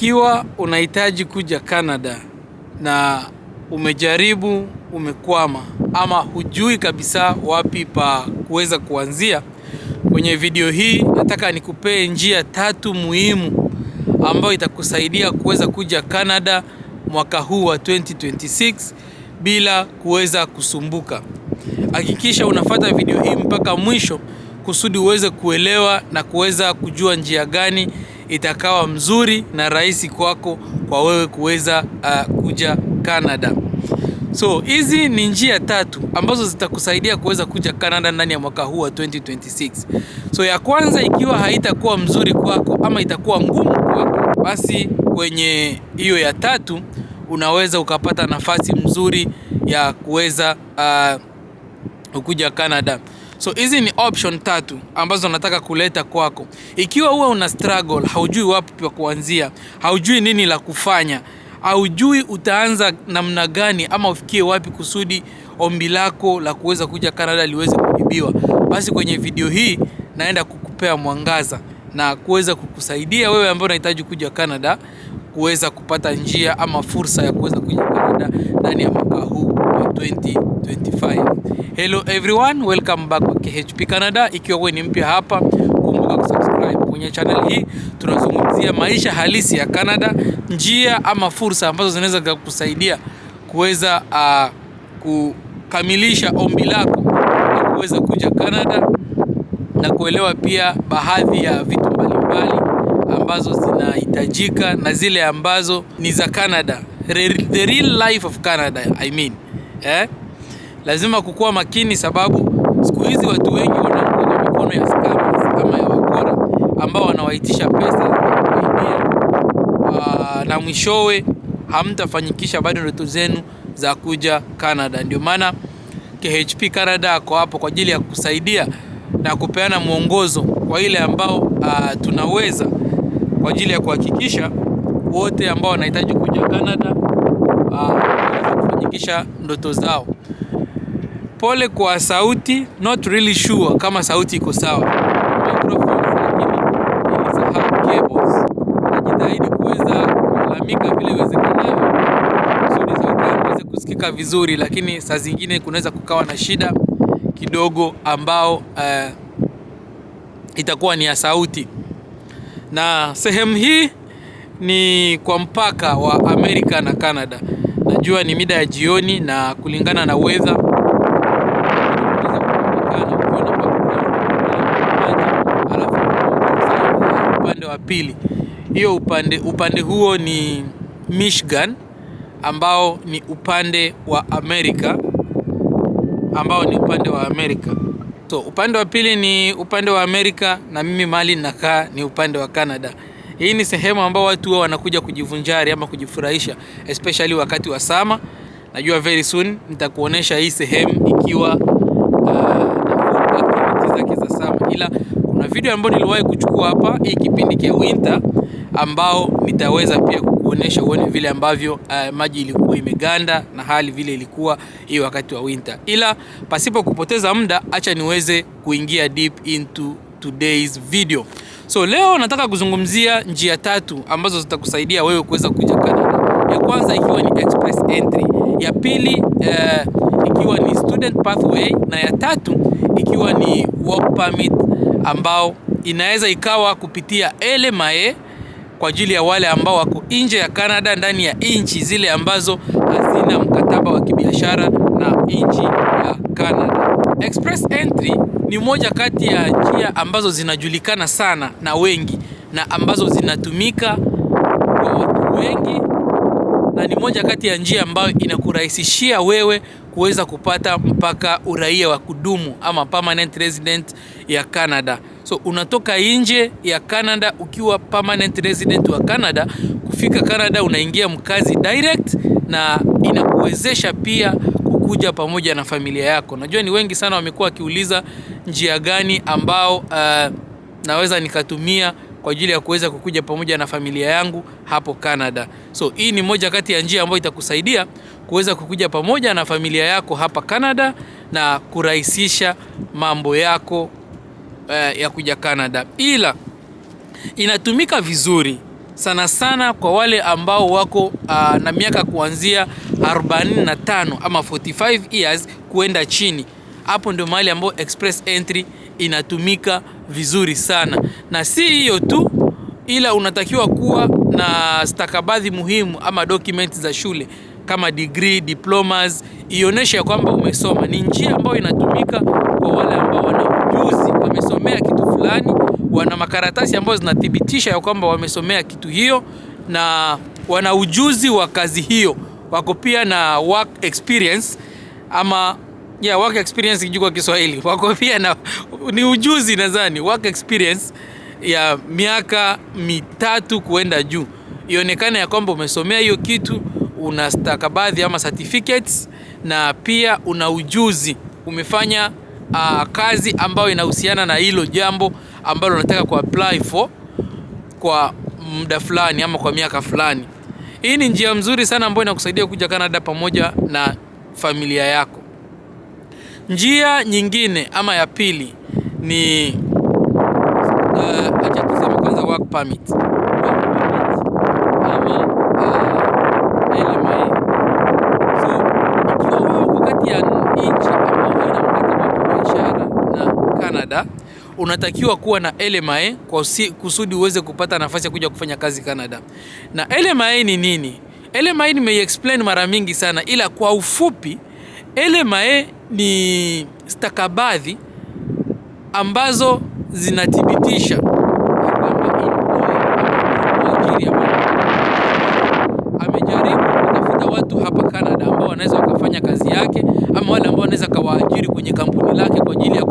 Ikiwa unahitaji kuja Canada na umejaribu umekwama, ama hujui kabisa wapi pa kuweza kuanzia, kwenye video hii nataka nikupee njia tatu muhimu ambayo itakusaidia kuweza kuja Canada mwaka huu wa 2026 bila kuweza kusumbuka. Hakikisha unafata video hii mpaka mwisho kusudi uweze kuelewa na kuweza kujua njia gani itakawa mzuri na rahisi kwako kwa wewe kuweza uh, kuja Canada. So hizi ni njia tatu ambazo zitakusaidia kuweza kuja Canada ndani ya mwaka huu wa 2026. So ya kwanza, ikiwa haitakuwa mzuri kwako ama itakuwa ngumu kwako, basi kwenye hiyo ya tatu unaweza ukapata nafasi mzuri ya kuweza uh, kuja Canada. So hizi ni option tatu ambazo nataka kuleta kwako. Ikiwa huwa una struggle, haujui wapi pa kuanzia, haujui nini la kufanya, haujui utaanza namna gani ama ufikie wapi kusudi ombi lako la kuweza kuja Canada liweze kujibiwa, basi kwenye video hii naenda kukupea mwangaza na kuweza kukusaidia wewe ambaye unahitaji kuja Canada kuweza kupata njia ama fursa ya kuweza kuja ndani ya mwaka huu wa 2025. Hello everyone, welcome back kwa KHP Canada. Ikiwa wewe ni mpya hapa, kumbuka kusubscribe kwenye channel hii. Tunazungumzia maisha halisi ya Canada, njia ama fursa ambazo zinaweza kukusaidia kuweza uh, kukamilisha ombi lako na kuweza kuja Canada na kuelewa pia baadhi ya vitu ambazo zinahitajika na zile ambazo ni za Canada, the real life of Canada I mean. Eh? Lazima kukuwa makini sababu siku hizi watu wengi wanakuwa kwa mikono ya scammers ama ya wakora ambao wanawaitisha pesa uh, na mwishowe hamtafanyikisha bado ndoto zenu za kuja Canada. Ndio maana KHP Canada ako hapo kwa ajili ya kusaidia na kupeana mwongozo kwa ile ambao uh, tunaweza kwa ajili ya kuhakikisha wote ambao wanahitaji kuja Canada ah, kufanikisha ndoto zao. Pole kwa sauti, not really sure kama sauti iko sawa. Najitahidi kuweza kulalamika vile iwezekanavyo kusudi sauti iweze kusikika vizuri, lakini saa zingine kunaweza kukawa na shida kidogo ambao uh, itakuwa ni ya sauti na sehemu hii ni kwa mpaka wa Amerika na Canada. Najua ni mida ya jioni na kulingana na weather upande wa pili hiyo upande, upande huo ni Michigan ambao ni upande wa Amerika ambao ni upande wa Amerika. So upande wa pili ni upande wa Amerika na mimi mali ninakaa ni upande wa Canada. Hii ni sehemu ambao watu wao wanakuja kujivunjari ama kujifurahisha especially wakati wa sama. Najua very soon nitakuonesha hii sehemu ikiwa uh, zake za sama, ila kuna video ambayo niliwahi kuchukua hapa hii kipindi cha winter ambao nitaweza pia kuonesha uone vile ambavyo uh, maji ilikuwa imeganda na hali vile ilikuwa hiyo wakati wa winter. Ila pasipo kupoteza muda, acha niweze kuingia deep into today's video. So leo nataka kuzungumzia njia tatu ambazo zitakusaidia wewe kuweza kuja Canada. Ya kwanza ikiwa ni express entry, ya pili uh, ikiwa ni student pathway na ya tatu ikiwa ni work permit ambao inaweza ikawa kupitia LMA e kwa ajili ya wale ambao wako nje ya Canada, ndani ya nchi zile ambazo hazina mkataba wa kibiashara na nchi ya Canada. Express entry ni moja kati ya njia ambazo zinajulikana sana na wengi na ambazo zinatumika kwa watu wengi na ni moja kati ya njia ambayo inakurahisishia wewe kuweza kupata mpaka uraia wa kudumu ama permanent resident ya Canada. So unatoka nje ya Canada ukiwa permanent resident wa Canada, kufika Canada unaingia mkazi direct, na inakuwezesha pia kukuja pamoja na familia yako. Najua ni wengi sana wamekuwa wakiuliza njia gani ambao uh, naweza nikatumia kwa ajili ya kuweza kukuja pamoja na familia yangu hapo Canada. So hii ni moja kati ya njia ambayo itakusaidia kuweza kukuja pamoja na familia yako hapa Canada na kurahisisha mambo yako eh, ya kuja Canada, ila inatumika vizuri sana sana kwa wale ambao wako uh, na miaka kuanzia 45 ama 45 years kuenda chini. Hapo ndio mahali ambapo express entry inatumika vizuri sana, na si hiyo tu, ila unatakiwa kuwa na stakabadhi muhimu ama documents za shule kama degree, diplomas, ionyeshe ya kwamba umesoma. Ni njia ambayo inatumika kwa wale ambao wana ujuzi wamesomea kitu fulani, wana makaratasi ambayo zinathibitisha ya kwamba wamesomea kitu hiyo na wana ujuzi wa kazi hiyo, wako pia na work experience ama yeah, work experience kijua kwa Kiswahili, wako pia na ni ujuzi nadhani work experience ya miaka mitatu kuenda juu, ionekane ya kwamba umesomea hiyo kitu, una stakabadhi ama certificates na pia una ujuzi umefanya uh, kazi ambayo inahusiana na hilo jambo ambalo unataka apply for kwa muda fulani ama kwa miaka fulani. Hii ni njia mzuri sana ambayo inakusaidia kuja Canada pamoja na familia yako. Njia nyingine ama ya pili ni uh, acha tuseme kwanza work permit. unatakiwa kuwa na LMA kusudi uweze kupata nafasi ya kuja kufanya kazi Canada. Na LMA ni nini? LMA explain mara mingi sana, ila kwa ufupi, LMA ni stakabadhi ambazo zinathibitisha amejaribu kutafuta watu hapa Canada ambao wanaweza wakafanya kazi yake ama wale ambao wanaweza kawaajiri kwenye kampuni lake kwa ajili ya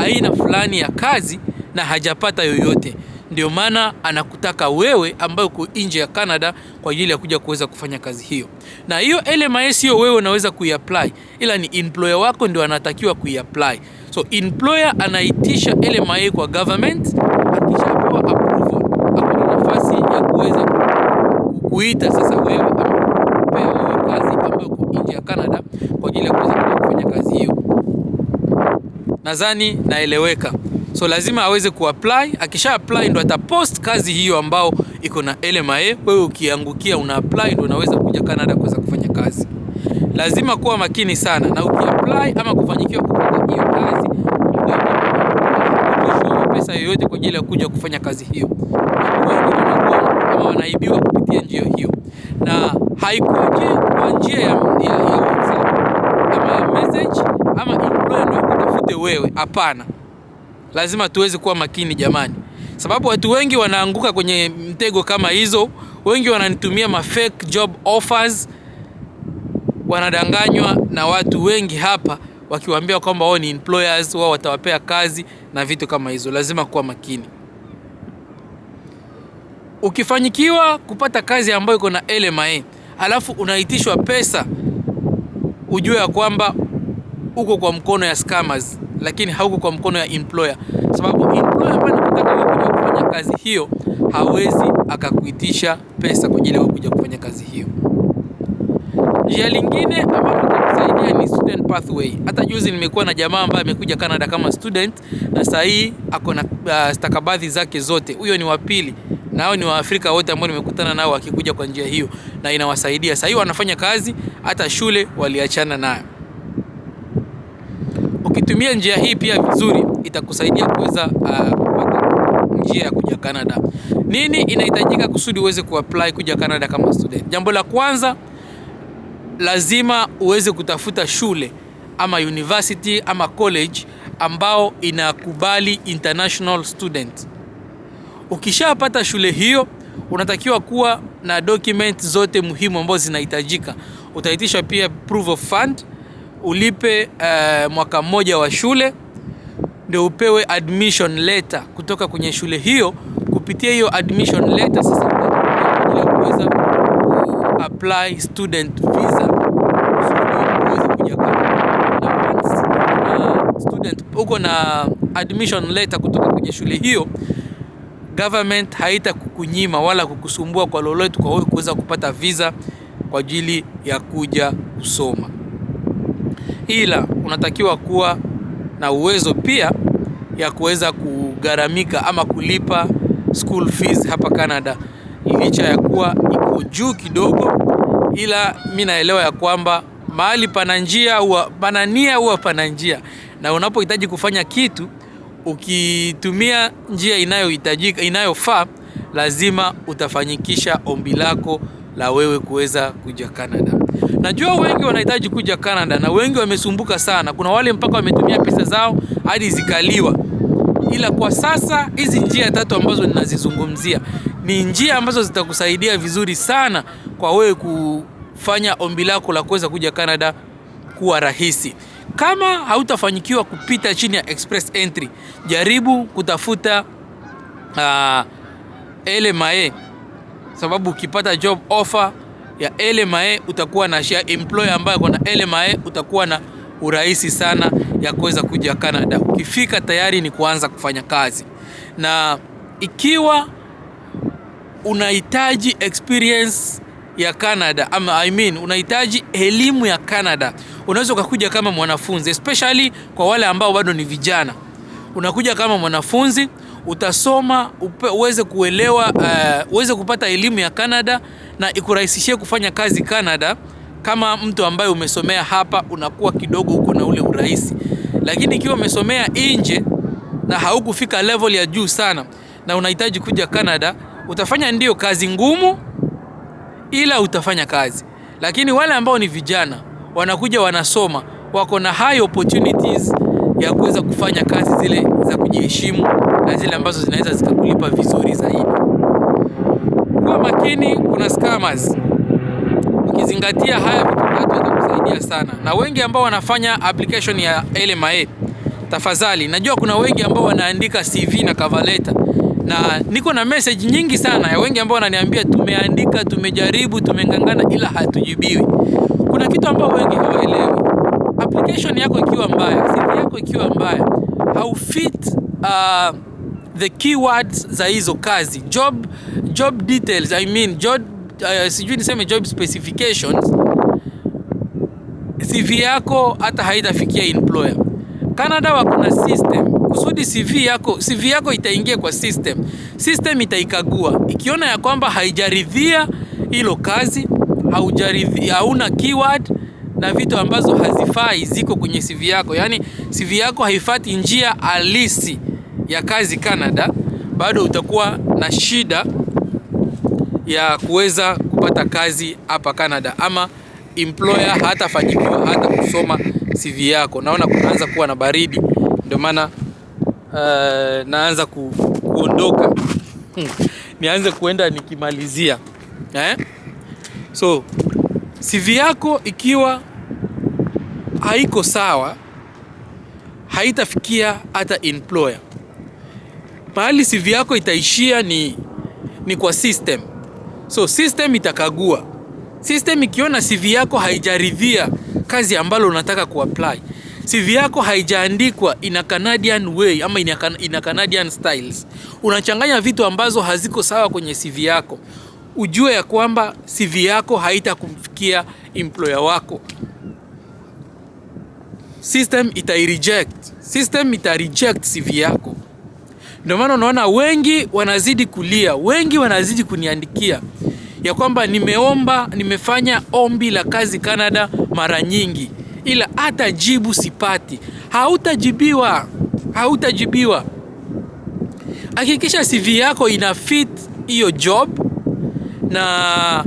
aina fulani ya kazi na hajapata yoyote, ndio maana anakutaka wewe ambayo uko nje ya Canada kwa ajili ya kuja kuweza kufanya kazi hiyo. Na hiyo LMIS hiyo wewe unaweza kuiapply, ila ni employer wako ndio anatakiwa kuiapply. So employer anaitisha LMIA kwa government, akishapewa approval akuna nafasi ya kuweza kuita sasa wewe kupea wewe kazi ambayo uko nje ya Canada kwa ajili ya kuweza kufanya kazi hiyo nadhani naeleweka. So lazima aweze kuapply, akisha apply ndo atapost kazi hiyo ambao iko na LMA. Wewe ukiangukia una apply ndo unaweza kuja Canada kuweza kufanya kazi. Lazima kuwa makini sana na ukiapply ama kufanyikiwa kupata hiyo kazi, pesa yoyote kwa ajili ya kuja kufanya kazi hiyo, kama wanaibiwa kupitia njia hiyo, na haikuje kwa njia ya, ya, ya WhatsApp ama ya message ama yoyote wewe. Hapana, lazima tuweze kuwa makini jamani, sababu watu wengi wanaanguka kwenye mtego kama hizo. Wengi wananitumia ma fake job offers, wanadanganywa na watu wengi hapa wakiwaambia kwamba wao ni employers, wao watawapea kazi na vitu kama hizo. Lazima kuwa makini. Ukifanyikiwa kupata kazi ambayo iko na LMA alafu unaitishwa pesa, ujue ya kwamba uko kwa mkono ya scammers, lakini hauko kwa mkono ya employer, sababu employer ambaye anataka wewe kuja kufanya kazi hiyo hawezi akakuitisha pesa kwa ajili ya kuja kufanya kazi hiyo. Njia lingine ambayo itakusaidia ni student pathway. Hata juzi nimekuwa na jamaa ambaye amekuja Canada kama student na sasa hii ako na uh, stakabadhi zake zote. Huyo ni wa pili na hao ni Waafrika wote ambao nimekutana nao wakikuja kwa njia hiyo, na inawasaidia. Sasa hii wanafanya kazi, hata shule waliachana nayo ukitumia njia hii pia vizuri itakusaidia kuweza kupata uh, njia ya kuja Canada. Nini inahitajika kusudi uweze kuapply kuja Canada kama student? Jambo la kwanza lazima uweze kutafuta shule ama university ama college ambao inakubali international student. Ukishapata shule hiyo, unatakiwa kuwa na document zote muhimu ambazo zinahitajika. Utaitisha pia proof of fund ulipe uh, mwaka mmoja wa shule ndio upewe admission letter kutoka kwenye shule hiyo. Kupitia hiyo admission letter sasa kuweza apply student visa eh, uko na admission letter kutoka kwenye shule hiyo, government haita kukunyima wala kukusumbua kwa lolote kwa wewe kuweza kupata visa kwa ajili ya kuja kusoma ila unatakiwa kuwa na uwezo pia ya kuweza kugharamika ama kulipa school fees hapa Canada, licha ya kuwa iko juu kidogo, ila mi naelewa ya kwamba mahali pana njia huwa pana nia huwa pana njia, na unapohitaji kufanya kitu ukitumia njia inayohitajika inayofaa, lazima utafanyikisha ombi lako la wewe kuweza kuja Canada. Najua wengi wanahitaji kuja Canada na wengi wamesumbuka sana. Kuna wale mpaka wametumia pesa zao hadi zikaliwa, ila kwa sasa hizi njia tatu ambazo ninazizungumzia ni njia ambazo zitakusaidia vizuri sana kwa wewe kufanya ombi lako la kuweza kuja Canada kuwa rahisi. Kama hautafanyikiwa kupita chini ya express entry, jaribu kutafuta uh, ah, LMA e sababu ukipata job offer ya LMA utakuwa na share employer ambayo kuna LMA, utakuwa na urahisi sana ya kuweza kuja Canada. Ukifika tayari ni kuanza kufanya kazi, na ikiwa unahitaji experience ya Canada ama I mean, unahitaji elimu ya Canada, unaweza ukakuja kama mwanafunzi, especially kwa wale ambao bado ni vijana. Unakuja kama mwanafunzi utasoma upe, uweze kuelewa uh, uweze kupata elimu ya Canada na ikurahisishie kufanya kazi Canada. Kama mtu ambaye umesomea hapa, unakuwa kidogo uko na ule urahisi, lakini ikiwa umesomea nje na haukufika level ya juu sana na unahitaji kuja Canada, utafanya ndio kazi ngumu, ila utafanya kazi. Lakini wale ambao ni vijana wanakuja wanasoma, wako na high opportunities ya kuweza kufanya kazi zile za kujiheshimu na zile ambazo zinaweza zikakulipa vizuri zaidi. Kuwa makini, kuna scammers. Ukizingatia haya vitu tatu itakusaidia sana, na wengi ambao wanafanya application ya LMA, tafadhali, najua kuna wengi ambao wanaandika CV na cover letter na niko na message nyingi sana ya wengi ambao wananiambia tumeandika, tumejaribu, tumengangana ila hatujibiwi. Kuna kitu ambao wengi hawaelewi. Application yako ikiwa mbaya, CV yako ikiwa mbaya, haufit uh, the keywords za hizo kazi job, job details, I mean job, uh, sijui niseme job specifications. CV yako hata haitafikia employer. Canada wako na system kusudi CV yako, CV yako itaingia kwa system. System itaikagua ikiona ya kwamba haijaridhia hilo kazi, haujaridhia, hauna keyword na vitu ambazo hazifai ziko kwenye CV yako, yaani CV yako haifati njia halisi ya kazi Canada, bado utakuwa na shida ya kuweza kupata kazi hapa Canada, ama employer hatafanikiwa hata kusoma CV yako. Naona kunaanza kuwa na baridi, ndio maana uh, naanza ku, kuondoka hmm. Nianze kuenda nikimalizia eh? So CV yako ikiwa haiko sawa haitafikia hata employer pahali CV yako itaishia ni, ni kwa system. So system itakagua. System ikiona CV yako haijaridhia kazi ambalo unataka kuapply, CV yako haijaandikwa ina Canadian way ama ina, ina Canadian styles, unachanganya vitu ambazo haziko sawa kwenye CV yako, ujue ya kwamba CV yako haitakufikia employer wako. System ita reject. System ita reject CV yako. Ndio maana unaona wengi wanazidi kulia, wengi wanazidi kuniandikia ya kwamba nimeomba, nimefanya ombi la kazi Canada mara nyingi, ila hata jibu sipati. Hautajibiwa, hautajibiwa. Hakikisha CV yako ina fit hiyo job na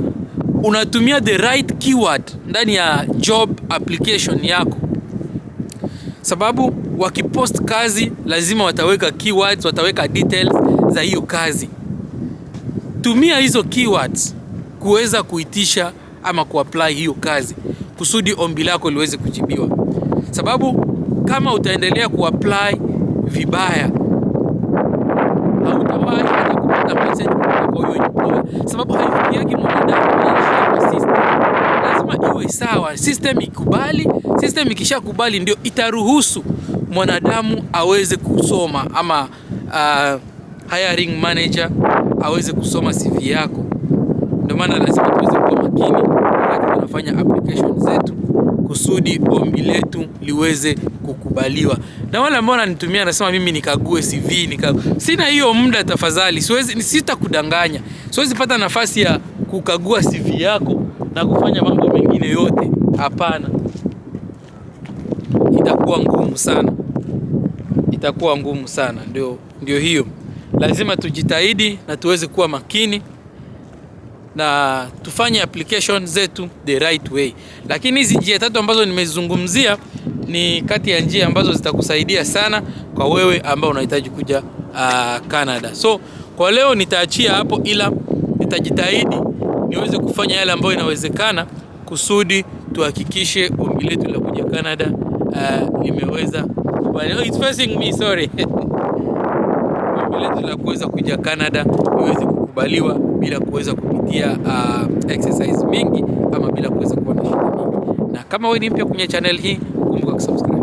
unatumia the right keyword ndani ya job application yako, sababu wakipost kazi lazima wataweka keywords, wataweka details za hiyo kazi. Tumia hizo keywords kuweza kuitisha ama kuapply hiyo kazi kusudi ombi lako liweze kujibiwa, sababu kama utaendelea kuapply vibaya hautawahi hata kupata message kutoka kwa employer, sababu iwe sawa, system ikubali. System ikishakubali ndio itaruhusu mwanadamu aweze kusoma ama uh, hiring manager aweze kusoma CV yako. Ndio maana lazima tuweze kuwa makini wakati tunafanya application zetu kusudi ombi letu liweze kukubaliwa. Na wale ambao wananitumia nasema mimi nikague CV nika... sina hiyo muda tafadhali, siwezi sitakudanganya, siwezi pata nafasi ya kukagua CV yako na kufanya mambo mengine yote. Hapana, itakuwa ngumu sana itakuwa ngumu sana. Ndio, ndio hiyo, lazima tujitahidi na tuweze kuwa makini na tufanye application zetu the right way. Lakini hizi njia tatu ambazo nimezungumzia ni kati ya njia ambazo zitakusaidia sana kwa wewe ambao unahitaji kuja uh, Canada. So kwa leo nitaachia hapo, ila nitajitahidi niweze kufanya yale ambayo inawezekana kusudi tuhakikishe ombi letu la kuja Canada uh, limeweza but oh, it's facing me sorry. Ombi la kuweza kuja Canada iweze kukubaliwa bila kuweza kupitia uh, exercise mingi ama bila kuweza kuwa na shida mingi. Na kama wewe ni mpya kwenye channel hii, kumbuka kusubscribe.